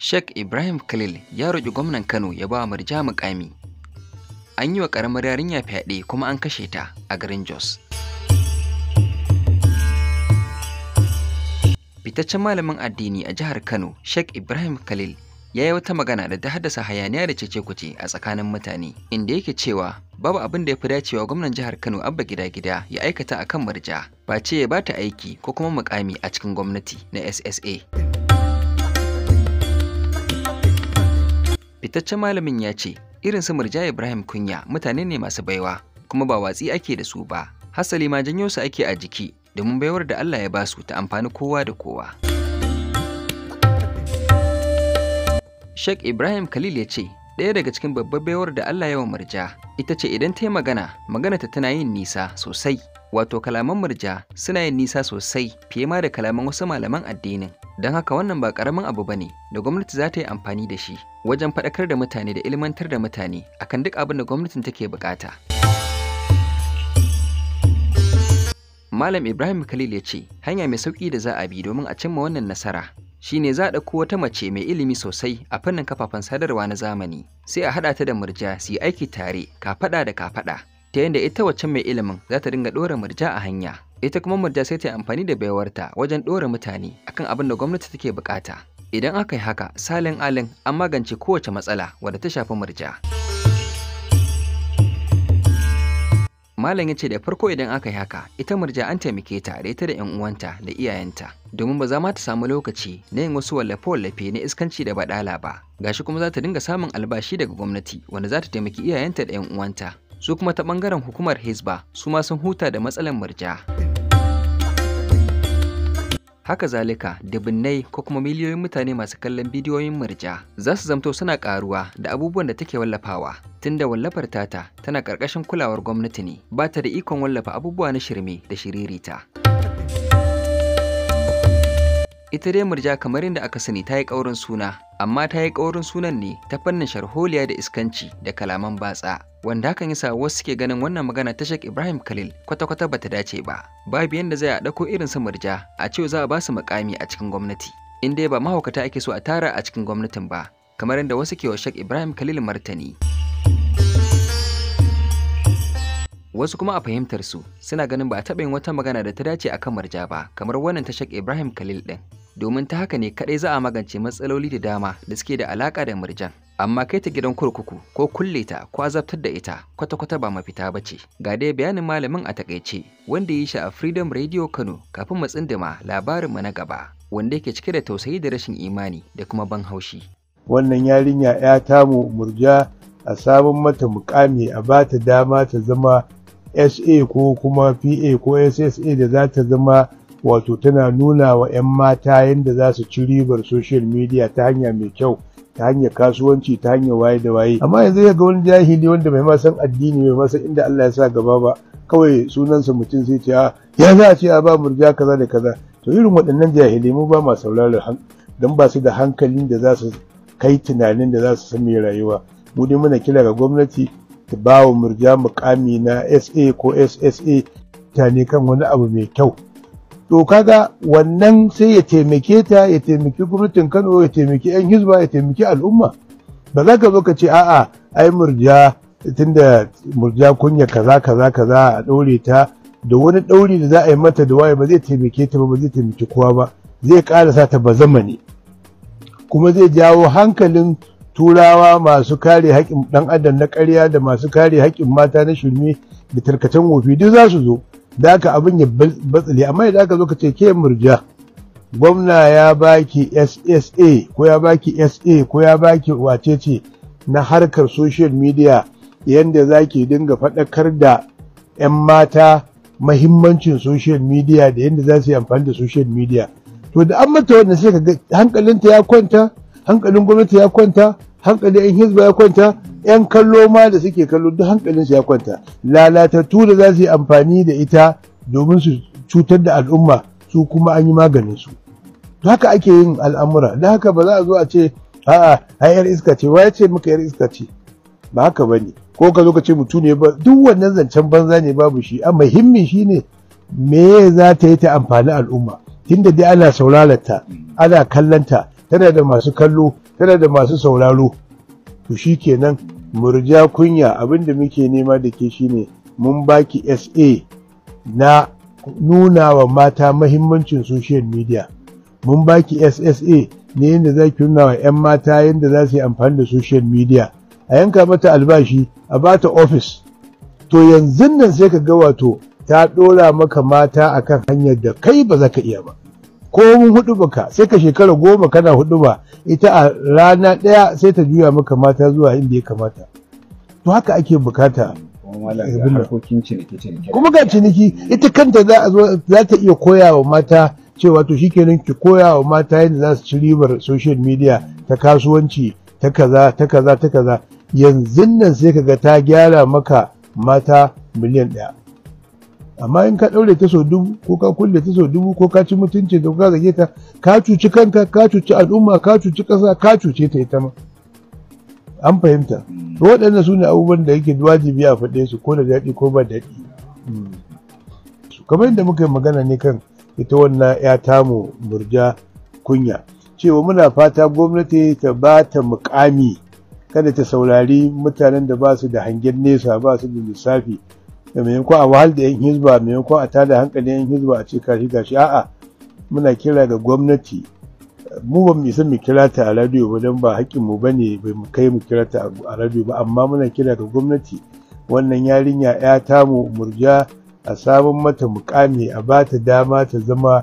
Sheikh Ibrahim Khalil ya roƙi gwamnan Kano ya ba Murja mukami. An yi wa ƙaramar yarinya fyaɗe kuma an kashe ta a garin Jos. Fitaccen malamin addini a jihar Kano, Sheikh Ibrahim Khalil ya yi wata magana da ta haddasa hayaniya da cece-kuce a tsakanin mutane, inda yake cewa babu abin da ya fi dacewa gwamnan jihar Kano Abba Gida-gida ya aikata a kan Murja, ba ce ya ba ta aiki ko kuma mukami a cikin gwamnati na SSA. fitaccen malamin ya ce irin su murja ibrahim kunya mutane ne masu baiwa kuma ba watsi ake da su ba hasali ma janyo su ake a jiki domin baiwar da allah ya ba su ta amfani kowa da kowa sheikh ibrahim khalil ya ce ɗaya daga cikin babbar baiwar da allah yawan murja ita ce idan ta yi magana magana ta tana yin nisa sosai wato kalaman murja suna yin nisa sosai fiye ma da kalaman wasu malaman addinin don haka wannan ba karamin abu bane da gwamnati za ta yi amfani da shi wajen faɗakar da mutane da ilmantar da mutane akan duk abin da gwamnatin take bukata malam ibrahim khalil ya ce hanya mai sauƙi da za a bi domin a cimma wannan nasara shine za a ɗauko wata mace mai ilimi sosai a fannin kafafen sadarwa na zamani sai a haɗa ta da murja su yi aiki tare ka faɗa da ka faɗa. ta yadda ita wacce mai ilimin za ta dinga ɗora murja a hanya ita kuma murja sai ta yi amfani da baiwarta wajen ɗora mutane akan abin da gwamnati take bukata idan aka yi haka salin alin an magance kowace matsala wadda ta shafi murja malam ya ce da farko idan aka yi haka ita murja an taimake ta da ita da 'yan uwanta da iyayenta domin ba za ma ta samu lokaci na yin wasu wallafe-wallafe na iskanci da baɗala ba gashi kuma za ta dinga samun albashi daga gwamnati wanda za ta taimaki iyayenta da 'yan uwanta su kuma ta ɓangaren hukumar Hizba su ma sun huta da matsalar murja. Haka zalika, dubunnai ko kuma miliyoyin mutane masu kallon bidiyoyin murja za su zamto suna karuwa da abubuwan da take wallafawa. Tunda wallafar tata tana ƙarƙashin kulawar gwamnati ne, ba ta da ikon wallafa abubuwa na shirme da shiririta. Ita dai murja kamar inda aka sani ta yi ƙaurin suna amma ta yi ƙaurin sunan ne ta fannin sharholiya da iskanci da kalaman batsa wanda hakan yasa wasu suke ganin wannan magana ta Sheikh Ibrahim Khalil kwata-kwata bata dace ba babu yanda zai a ɗauko irin su murja a ce za a ba su makami a cikin gwamnati in dai ba mahaukata ake so a tara a cikin gwamnatin ba kamar yadda wasu ke wa Sheikh Ibrahim Khalil martani wasu kuma a fahimtar su suna ganin ba a taɓa yin wata magana da ta dace akan marja ba kamar wannan ta Sheikh Ibrahim Khalil ɗin domin ta haka ne kadai za a magance matsaloli da dama da suke da alaka da murjan. Amma kai ta gidan kurkuku ko kulle ta ko azabtar da ita kwata-kwata ba mafita ba ce. Ga dai bayanin malamin a takaice wanda ya yi sha a Freedom Radio Kano kafin mu tsindima labarinmu na gaba wanda yake cike da tausayi da rashin imani da kuma ban haushi. Wannan yarinya ya tamu murja a sabon mata mukami a ba ta dama ta zama SA ko kuma PA ko SSA da za ta zama wato tana nuna wa 'yan mata yadda za su ci ribar social media ta hanya mai kyau ta hanyar kasuwanci ta hanyar waye da waye amma yanzu ga wani jahili wanda bai addini bai ma san inda Allah ya sa gaba ba kawai sunansa mutum sai ce ah, ya za a ce a ba murja kaza da kaza to irin waɗannan jahili mu ba ma sauraro don ba su da hankalin da za su kai tunanin da za su san mai rayuwa mu dai muna kira ga gwamnati ta ba wa murja mukami na SA ko SSA ne kan wani abu mai kyau to kaga wannan sai ya taimake ta ya taimaki gwamnatin kano ya taimaki yan hizba ya taimaki al'umma ba za ka zo ka ce a'a ai murja tunda murja kunya kaza kaza kaza a ɗaure ta da wani ɗauri da za a yi mata da waye ba zai taimake ta ba ba zai taimaki kowa ba zai ƙara sa ta ba zamani kuma zai jawo hankalin turawa masu kare haƙƙin ɗan adam na ƙarya da masu kare haƙƙin mata na shirme da tarkacen wofi duk za su zo da abin ya batsale amma idan aka zo ka ce ke murja gwamna ya baki ssa ko ya baki sa ko ya baki wacece na harkar social media yadda za ki dinga faɗakar da 'yan mata mahimmancin social media da yadda za su yi amfani da social media to da an mata wannan sai ka hankalinta ya kwanta hankalin gwamnati ya kwanta hankalin yan hizba ya kwanta yan kallo ma da suke kallo duk hankalinsu ya kwanta lalatattu da za su yi amfani da ita domin su cutar da al'umma su kuma an yi maganin su haka ake yin al'amura da haka ba za a zo a ce a'a ai yar iska ce ya ce muka yar iska ce ba haka bane ko ka zo ka ce mutu ne ba duk wannan zancen banza ne babu shi amma shine me za ta yi ta amfani al'umma tunda dai ana sauraron ta ana kallon ta tana da masu kallo tana da masu sauraro to shi kenan murja kunya abinda muke nema da ke shi ne, mun baki sa na nuna wa mata mahimmancin social media mun baki ssa ne yadda za ki nuna wa 'yan mata yadda za su yi amfani da social media a yanka mata albashi a bata ofis to yanzu nan sai ka ga wato ta ɗora maka mata akan hanyar da kai ba za ka iya ba ko mun hudu baka sai ka shekara goma kana hudu ba ita a rana ɗaya sai ta juya maka mata zuwa inda ya kamata to haka ake bukata kuma ga ciniki ita kanta za ta iya koya wa mata cewa to shikenan ki koya wa mata yadda za su ci ribar social media ta kasuwanci ta kaza ta kaza ta kaza yanzu nan sai ka ga ta gyara maka mata miliyan ɗaya amma in ka ɗaure ta sau dubu ko ka kulle ta sau dubu ko ka ci mutunci da ka zage ta ka cuci kanka ka cuci al'umma ka cuci ƙasa ka cuce ta ita ma an fahimta hmm. to waɗannan su ne abubuwan da yake wajibi a faɗe su ko da daɗi ko ba daɗi hmm. kamar yadda muka yi magana ne kan ita wannan ya tamu murja kunya cewa muna fata gwamnati ta ba ta muƙami kada ta saurari mutanen da ba su da hangen nesa ba su da lissafi da maimakon a wahal da 'yan hizba maimakon a tada hankali 'yan hizba a ce kashi gashi a'a muna kira ga gwamnati mu ba mu isa mu kira ta a radio ba don ba haƙƙin mu bane bai mu kai mu kira ta a radio ba amma muna kira ga gwamnati wannan yarinya ya ta mu murja a sabon mata mukami a ba ta dama ta zama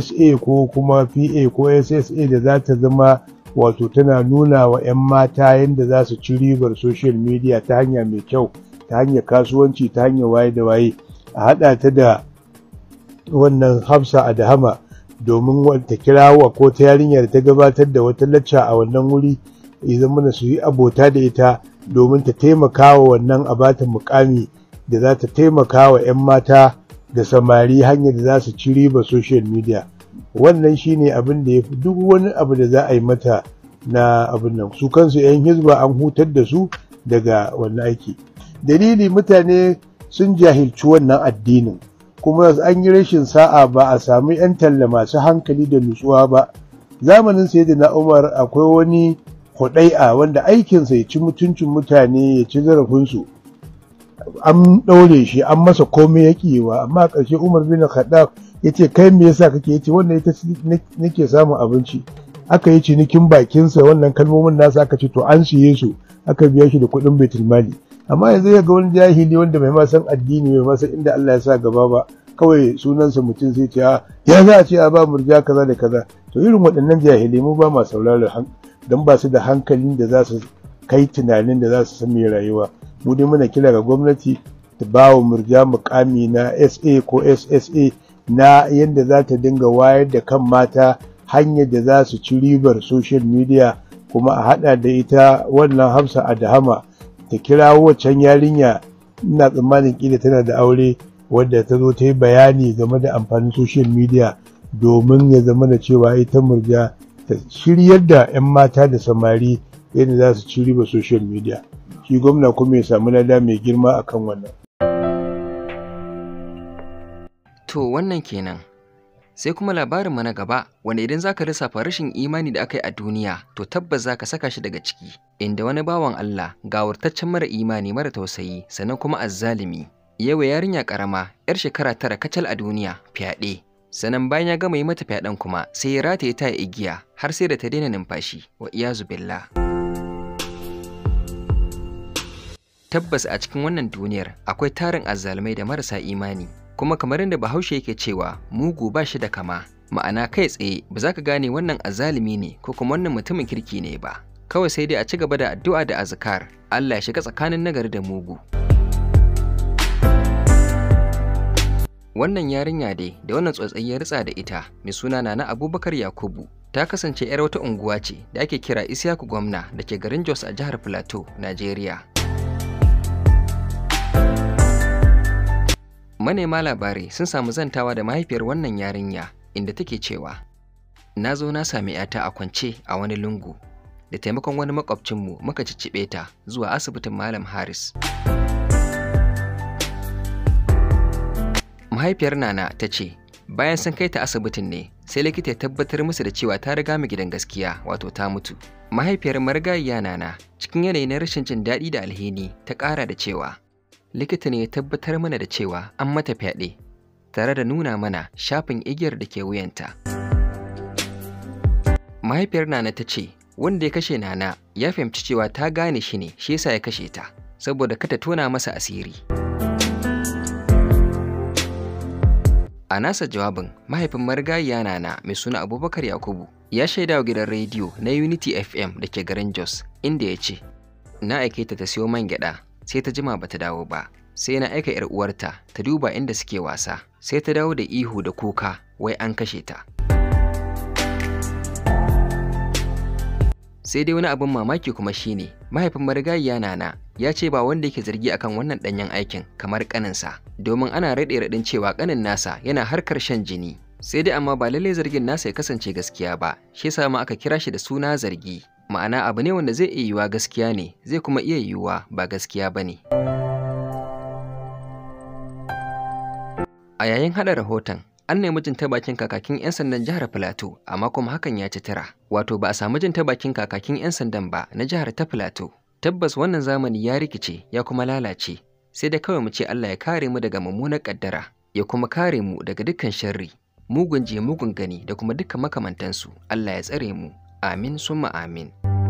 SA ko kuma PA ko SSA da za ta zama wato tana nuna wa 'yan mata yadda za su ci ribar social media ta hanya mai kyau ta hanyar kasuwanci ta hanyar waye da waye a haɗa ta da wannan hafsa a dahama domin ta kirawa ko ta yarinya da ta gabatar da wata lacca a wannan wuri idan mana su yi abota da ita domin ta taimaka wa wannan abatan mukami da za ta taimaka wa 'yan mata da samari hanyar da za su ci riba social media wannan shine abin da ya fi duk wani abu da za a yi mata na abin nan su kansu 'yan hizba an hutar da su daga wannan aiki dalili mutane sun jahilci wannan addinin kuma an yi rashin sa'a ba a samu 'yan talla masu hankali da nutsuwa ba zamanin sai na umar akwai wani kudai'a wanda aikinsa ya ci mutuncin mutane ya ci zarafinsu an ɗaure shi an masa komai ya kiwa amma ƙarshe umar bin khaddaf ya ce kai me yasa kake yace wannan ita nake samun abinci aka yi cinikin bakinsa wannan kalmomin nasa aka ce to an siye su aka biya shi da kuɗin baitulmali amma yanzu ya ga wani jahili wanda bai masan addini mai masan inda Allah ya sa gaba ba kawai sunansa mutum sai ce ah, ya za a ce a ba murja kaza da kaza to irin waɗannan jahili mu ba ma sauraro don ba su da hankalin da za su kai tunanin da za su san mai rayuwa mu dai muna kira ga gwamnati ta ba wa murja mukami na SA ko SSA na yadda za ta dinga wayar da kan mata hanyar da za su ci ribar social media kuma a haɗa da ita wannan hafsa adahama ta kira wacan yarinya ina tsammanin kila tana da aure wadda ta zo ta yi bayani game da amfanin social media domin ya zama da cewa ita murja ta shiryar da 'yan mata da samari yadda za su ci riba social media shi gwamna kuma ya samu lada mai girma akan wannan to wannan kenan Sai kuma labarinmu na gaba, wanda idan za ka lissafa rashin imani da aka yi a duniya, to tabbas za ka saka shi daga ciki, inda wani bawan Allah gawurtaccen mara imani mara tausayi sannan kuma azzalimi. Yawa yarinya karama, 'yar shekara tara kacal a duniya, fyaɗe. Sannan bayan ya gama yi mata fyaɗen kuma sai ya rataye ta igiya har sai da ta daina numfashi wa iyazu zubilla tabbas a cikin wannan duniyar akwai tarin azzalumai da marasa imani kuma kamar yadda bahaushe yake cewa mugu ba shi da kama ma'ana kai tsaye ba za ka gane wannan azalimi ne ko kuma wannan mutumin kirki ne ba kawai sai dai a ci gaba da addu'a da azkar Allah ya shiga tsakanin nagari da mugu wannan yarinya dai da wannan tsotsayi ya ritsa da ita mai suna nana abubakar yakubu ta kasance 'yar wata unguwa ce da ake kira isiyaku gwamna da ke garin jos a jihar plateau najeriya manema labarai sun samu zantawa da mahaifiyar wannan yarinya inda take cewa na zo na sami 'yata a kwance a wani lungu da taimakon wani makwabcinmu muka ciccibe ta zuwa asibitin malam haris mahaifiyar nana ta ce bayan sun kai ta asibitin ne sai likita ya tabbatar musu da cewa ta riga mu gidan gaskiya wato ta mutu mahaifiyar marigayiya nana cikin yanayi na rashin jin daɗi da alheri ta ƙara da cewa likita ne ya tabbatar mana da cewa an mata fyaɗe tare da nuna mana shafin igiyar da ke wuyanta mahaifiyar nana ta ce wanda ya kashe nana ya fahimci cewa ta gane shi ne shi yasa ya kashe ta saboda kata tona masa asiri a nasa jawabin mahaifin marigayiya nana mai suna abubakar yakubu ya shaida wa gidan rediyo na unity fm da ke garin jos inda ya ce na aike ta ta siyo man gyada sai ta jima bata dawo ba sai na aika yar uwarta ta duba inda suke wasa sai ta dawo da ihu da kuka wai an kashe ta sai dai wani abin mamaki kuma shine mahaifin Marigayi marigayiya nana ya ce ba wanda yake zargi akan wannan danyen aikin kamar kaninsa domin ana raɗe raɗin cewa kanin nasa yana harkar shan jini sai dai amma ba lallai zargin nasa ya kasance gaskiya ba shi yasa ma aka kira shi da suna zargi ma'ana abu ne wanda zai iya yiwuwa gaskiya ne zai kuma iya yiwuwa ba gaskiya ba ne a yayin haɗa rahoton an nemi jin ta bakin kakakin 'yan sandan jihar Filato amma kuma hakan ya ci tara wato ba a samu jin ta bakin kakakin 'yan sandan ba na jihar ta Filato tabbas wannan zamani ya rikice ya kuma lalace sai da kawai mu ce Allah ya kare mu daga mummunar kaddara ya kuma kare mu daga dukkan sharri mugun je mugun gani da kuma dukkan makamantansu Allah ya tsare mu Amin summa amin.